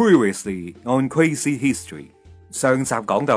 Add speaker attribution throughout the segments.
Speaker 1: Previously on Crazy History，上集講到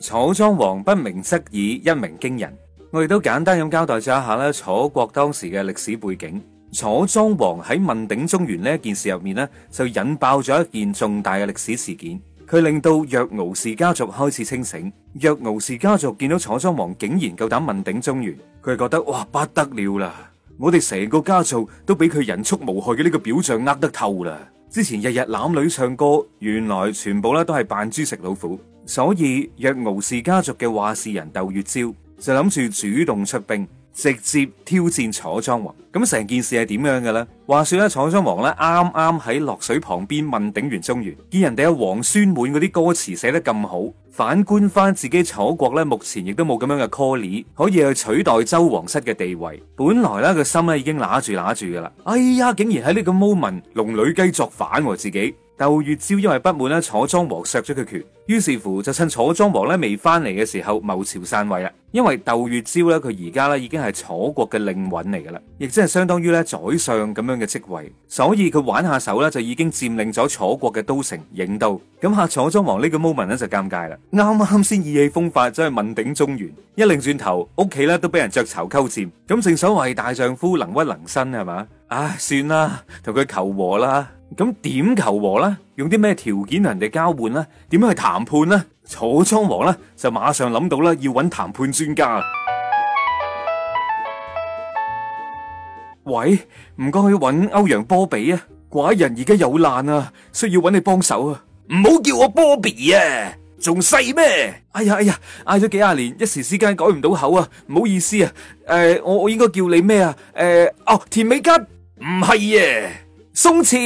Speaker 1: 楚莊王不鳴則已，一鳴驚人。我哋都簡單咁交代咗一下咧，楚國當時嘅歷史背景。楚莊王喺問鼎中原呢一件事入面咧，就引爆咗一件重大嘅歷史事件。佢令到若敖氏家族開始清醒。若敖氏家族見到楚莊王竟然夠膽問鼎中原，佢覺得哇，不得了啦！我哋成個家族都俾佢人畜無害嘅呢個表象呃得透啦。之前日日攬女唱歌，原來全部咧都係扮豬食老虎，所以若敖氏家族嘅話事人鬬越椒，就諗住主動出兵，直接挑戰楚莊王。咁成件事係點樣嘅咧？話說咧，楚莊王咧啱啱喺洛水旁邊問鼎完中原，見人哋阿王孫滿嗰啲歌詞寫得咁好。反觀翻自己楚國咧，目前亦都冇咁樣嘅 collie 可以去取代周皇室嘅地位。本來咧個心咧已經揦住揦住嘅啦，哎呀，竟然喺呢個 moment 鬬越椒作反、啊、自己。鬬越椒因為不滿咧，楚莊王削咗佢權，於是乎就趁楚莊王咧未翻嚟嘅時候謀朝篡位啦。因為鬬越椒，咧，佢而家咧已經係楚國嘅令尹嚟噶啦，亦即係相當於咧宰相咁樣嘅職位，所以佢玩下手咧就已經佔領咗楚國嘅都城郢都咁吓楚莊王呢個 moment 咧就尷尬啦，啱啱先意氣風發走去問鼎中原，一擰轉頭屋企咧都俾人鵲巢鳩佔，咁正所謂大丈夫能屈能伸係嘛？啊，算啦，同佢求和啦。咁點求和啦？用啲咩條件人哋交換啦？點樣去談判啦？楚莊王啦，就馬上諗到啦，要揾談判專家啊！喂，唔該去揾歐陽波比啊！寡人而家有難啊，需要揾你幫手啊！唔好叫我波比啊，仲細咩？哎呀哎呀，嗌咗幾廿年，一時之間改唔到口啊！唔好意思啊。誒、呃，我我應該叫你咩啊？誒、呃，哦，田美吉唔係耶，松次。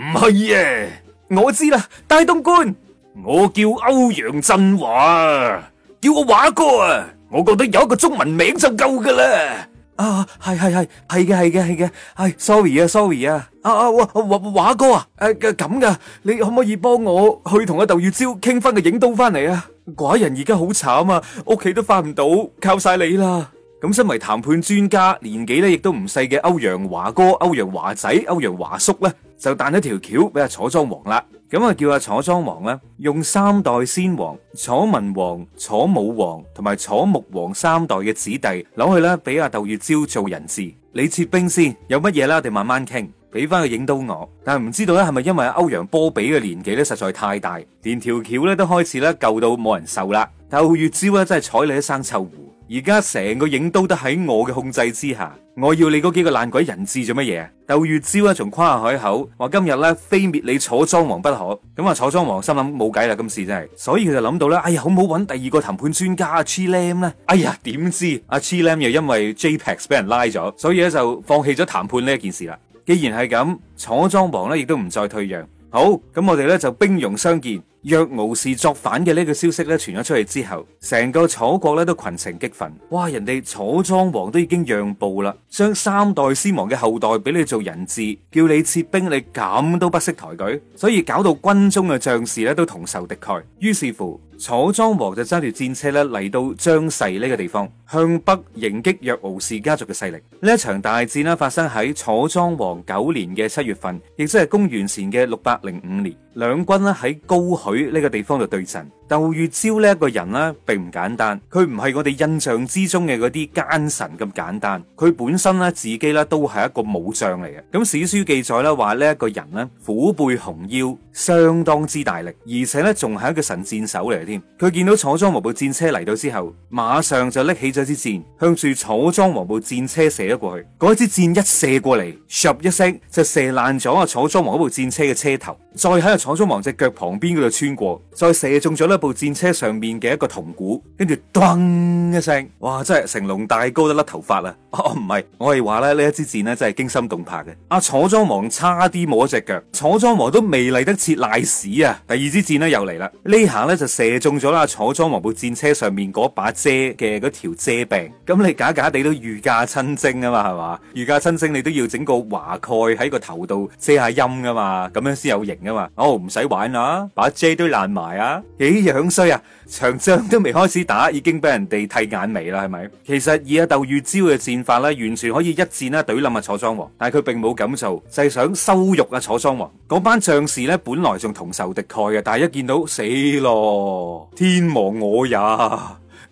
Speaker 1: 唔係耶，啊、我知啦，大東官，我叫歐陽振華，叫我華哥啊。我覺得有一個中文名就夠噶啦。啊，係係係係嘅係嘅係嘅，係 sorry 啊 sorry 啊，啊華華華哥啊，誒咁噶，啊 Lebanon。你可唔可以幫我去同阿鬬越椒傾翻個影刀翻嚟啊？寡人而家好慘啊，屋企都翻唔到，靠晒你啦。咁、嗯、身為談判專家，年紀咧亦都唔細嘅歐陽華哥、歐陽華仔、歐陽華叔咧就彈咗條橋俾阿楚莊王啦，咁啊叫阿楚莊王咧用三代先王楚文王、楚武王同埋楚穆王三代嘅子弟攞去啦，俾阿鬬越椒做人質。你撤兵先，有乜嘢啦？我哋慢慢傾，俾翻個影到我。但係唔知道咧，係咪因為歐陽波比嘅年紀咧實在太大，連條橋咧都開始咧舊到冇人受啦。鬬越椒咧真係睬你一生臭狐。而家成個郢都得喺我嘅控制之下，我要你嗰幾個爛鬼人質做乜嘢啊？鬬越椒咧仲誇下海口，話今日咧非滅你楚莊王不可。咁啊，楚莊王心諗冇計啦，今次真係，所以佢就諗到咧，哎呀，好唔好揾第二個談判專家阿 Chilam 咧、哎？哎呀，點知阿 Chilam 又因為 JPEX 俾人拉咗，所以咧就放棄咗談判呢一件事啦。既然係咁，楚莊王咧亦都唔再退讓。好，咁我哋咧就兵戎相見。若敖氏作反嘅呢個消息咧傳咗出去之後，成個楚國咧都群情激憤。哇，人哋楚莊王都已經讓步啦，將三代先王嘅後代俾你做人質，叫你撤兵，你咁都不識抬舉，所以搞到軍中嘅將士咧都同仇敵愾。於是乎。楚莊王就揸住戰車咧嚟到張勢呢個地方，向北迎擊若敖氏家族嘅勢力。呢一場大戰啦，發生喺楚莊王九年嘅七月份，亦即係公元前嘅六百零五年。兩軍咧喺高許呢個地方就對陣。鬬越椒呢一個人呢並唔簡單，佢唔係我哋印象之中嘅嗰啲奸臣咁簡單，佢本身呢，自己呢都係一個武將嚟嘅。咁史書記載呢話呢一個人呢虎背熊腰，相當之大力，而且呢仲係一個神箭手嚟嘅添。佢見到楚莊王部戰車嚟到之後，馬上就拎起咗支箭，向住楚莊王部戰車射咗過去。嗰支箭一射過嚟，咻一聲就射爛咗啊楚莊王部戰車嘅車頭。再喺度闖咗王隻腳旁邊嗰度穿過，再射中咗呢部戰車上面嘅一個銅鼓，跟住噔一聲，哇！真係成龍大哥都甩頭髮啦～哦，唔係，我係話咧，呢一支箭咧真係驚心動魄嘅。阿、啊、楚莊王差啲冇一隻腳，楚莊王都未嚟得切賴屎啊！第二支箭咧又嚟啦，呢下咧就射中咗啦。楚莊王部戰車上面嗰把遮嘅嗰條遮柄，咁你假假地都御駕親征啊嘛，係嘛？御駕親征你都要整個華蓋喺個頭度遮下陰噶嘛，咁樣先有型噶嘛。哦，唔使玩啦，把遮都爛埋啊，幾樣衰啊！長將都未開始打，已經俾人哋剃眼眉啦，係咪？其實以阿竇玉昭嘅戰法咧，完全可以一戰啦懟冧阿楚莊王，但係佢並冇咁做，就係、是、想收辱阿、啊、楚莊王。嗰班將士咧本來仲同仇敵愾嘅，但係一見到死咯，天亡我也。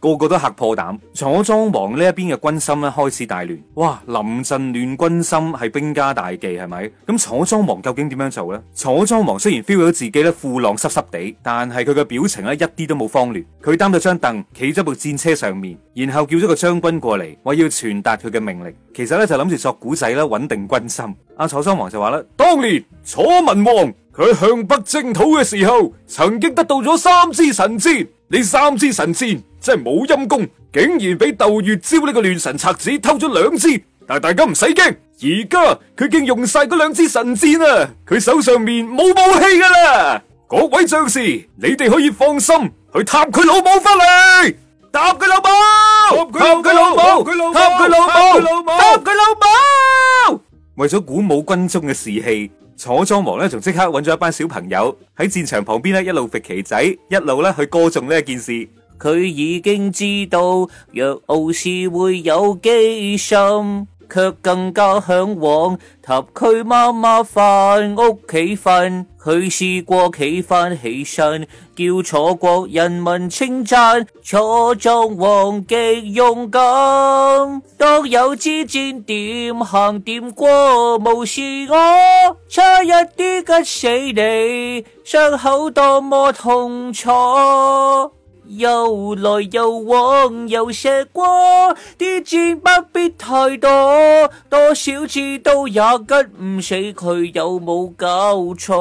Speaker 1: 個個都嚇破膽，楚莊王呢一邊嘅軍心咧開始大亂。哇！臨陣亂軍心係兵家大忌，係咪？咁楚莊王究竟點樣做呢？楚莊王雖然 feel 到自己咧褲浪濕濕地，但係佢嘅表情咧一啲都冇慌亂。佢擔咗張凳，企咗部戰車上面，然後叫咗個將軍過嚟，話要傳達佢嘅命令。其實咧就諗住作古仔啦，穩定軍心。阿、啊、楚莊王就話啦：當年楚文王佢向北征討嘅時候，曾經得到咗三支神箭。呢三支神箭真係冇陰功，竟然俾鬬越椒呢個亂神賊子偷咗兩支。但係大家唔使驚，而家佢已經用晒嗰兩支神箭啦，佢手上面冇武器噶啦。各位將士，你哋可以放心去撻佢老母翻嚟。撻佢老母，撻佢老母，撻佢老母，撻佢老母，撻佢老母。為咗鼓舞軍中嘅士氣。楚莊王咧，仲即刻揾咗一班小朋友喺戰場旁邊咧，一路揈旗仔，一路咧去歌頌呢一件事。佢已經知道，若敖氏會有機心。卻更加向往，及佢媽媽返屋企瞓。佢試過企翻起身，叫楚國人民稱讚楚莊王極勇敢。當有支箭點行點過，無事我、啊、差一啲吉死你，傷口多麼痛楚。又來又往又射光啲箭，不必太多，多少次都也急唔死佢，有冇搞錯？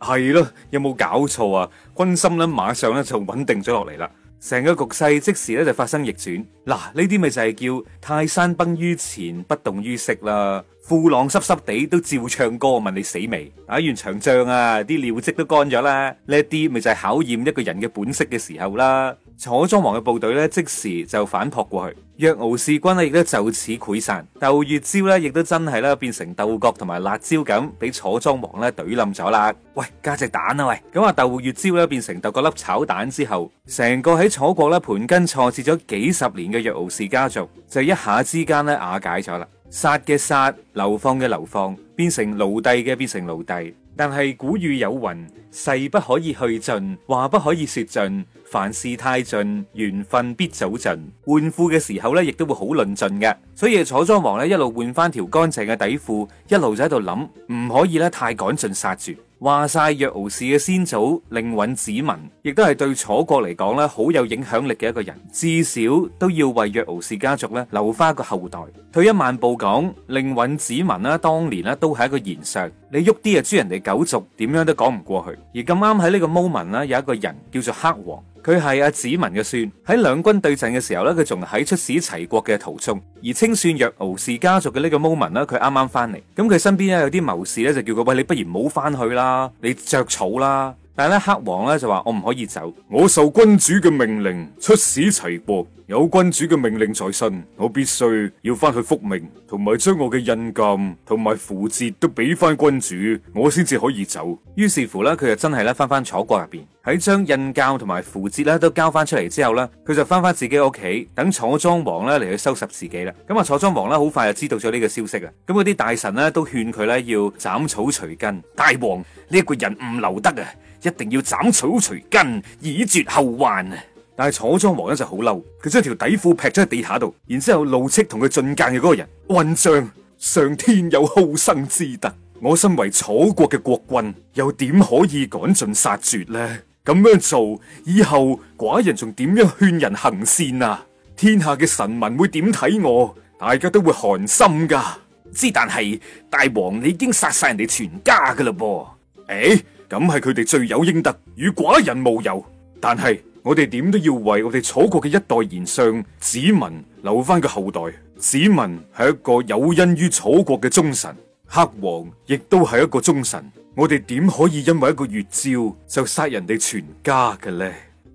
Speaker 1: 係咯，有冇搞錯啊？軍心呢馬上咧就穩定咗落嚟啦，成個局勢即時咧就發生逆轉。嗱、啊，呢啲咪就係叫泰山崩於前，不動於色啦。褲浪濕濕地都照唱歌，問你死未？打完場仗啊，啲、啊、尿漬都乾咗啦。呢啲咪就係考驗一個人嘅本色嘅時候啦。楚莊王嘅部隊呢，即時就反撲過去，若敖氏軍呢，亦都就此潰散。鬬越椒呢，亦都真係咧變成豆角同埋辣椒咁，俾楚莊王呢，懟冧咗啦。喂，加隻蛋啊喂！咁啊，鬬越椒呢，變成豆角粒炒蛋之後，成個喺楚國呢盤根錯節咗幾十年嘅若敖氏家族，就一下之間呢，瓦解咗啦。殺嘅殺，流放嘅流放，變成奴隸嘅變成奴隸。但係古語有云：勢不可以去盡，話不可以說盡。凡事太盡，緣分必早盡。換褲嘅時候咧，亦都會好論盡嘅。所以楚莊王咧，一路換翻條乾淨嘅底褲，一路就喺度諗，唔可以咧太趕盡殺絕。話晒若敖氏嘅先祖令尹子文，亦都係對楚國嚟講咧好有影響力嘅一個人，至少都要為若敖氏家族咧留翻個後代。退一萬步講，令尹子文啦，當年咧都係一個賢相，你喐啲啊誅人哋九族，點樣都講唔過去。而咁啱喺呢個 moment 啦，有一個人叫做黑王。佢係阿子文嘅孫，喺兩軍對陣嘅時候咧，佢仲喺出使齊國嘅途中，而清算若敖氏家族嘅呢個 moment 呢，佢啱啱翻嚟，咁佢身邊咧有啲謀士咧就叫佢喂，你不如唔好翻去啦，你着草啦。但係咧，黑王咧就話：我唔可以走，我受君主嘅命令出使齊國，有君主嘅命令在身，我必須要翻去復命，同埋將我嘅印鑑同埋符節都俾翻君主，我先至可以走。於是乎咧，佢就真係咧翻翻楚國入邊，喺將印鑑同埋符節咧都交翻出嚟之後咧，佢就翻翻自己屋企，等楚莊王咧嚟去收拾自己啦。咁啊，楚莊王咧好快就知道咗呢個消息啊！咁嗰啲大臣咧都勸佢咧要斬草除根，大王呢、呢個人唔留得啊！一定要斬草除根，以絕後患啊！但係楚莊王呢就好嬲，佢將條底褲劈咗喺地下度，然之後怒斥同佢進諫嘅嗰個人：混帳，上天有好生之德，我身為楚國嘅國君，又點可以趕盡殺絕呢？咁樣做以後，寡人仲點樣勸人行善啊？天下嘅臣民會點睇我？大家都會寒心噶。之但係大王，你已經殺晒人哋全家噶啦噃，誒、哎。咁係佢哋罪有應得，與寡人無尤。但係我哋點都要為我哋楚國嘅一代賢相子文留翻個後代。子文係一個有恩於楚國嘅忠臣，黑王亦都係一個忠臣。我哋點可以因為一個越椒就殺人哋全家嘅呢？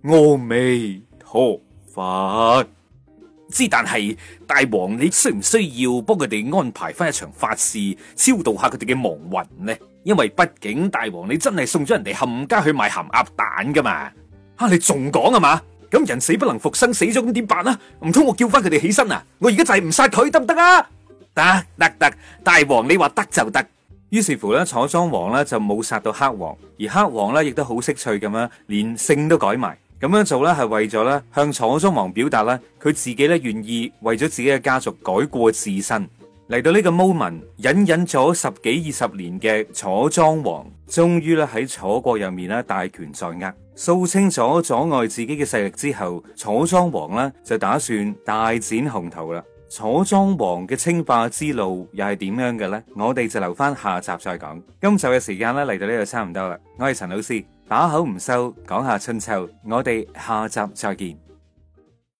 Speaker 1: 阿彌陀佛，合法之，但係大王你需唔需要幫佢哋安排翻一場法事，超度下佢哋嘅亡魂呢？因為畢竟大王你真係送咗人哋冚家去賣鹹鴨蛋噶嘛，吓、啊、你仲講啊嘛？咁人死不能復生，死咗咁點辦行行啊？唔通我叫翻佢哋起身啊？我而家就係唔殺佢得唔得啊？得得得，大王你話得就得。於是乎咧，楚莊王咧就冇殺到黑王，而黑王咧亦都好識趣咁樣，連姓都改埋。咁樣做咧係為咗咧向楚莊王表達咧，佢自己咧願意為咗自己嘅家族改過自身。嚟到呢個 moment 隱隱咗十幾二十年嘅楚莊王，終於咧喺楚國入面咧大權在握，掃清咗阻礙自己嘅勢力之後，楚莊王咧就打算大展宏圖啦。楚莊王嘅稱霸之路又係點樣嘅呢？我哋就留翻下集再講。今集嘅時間咧嚟到呢度差唔多啦，我係陳老師，把口唔收，講下春秋，我哋下集再見。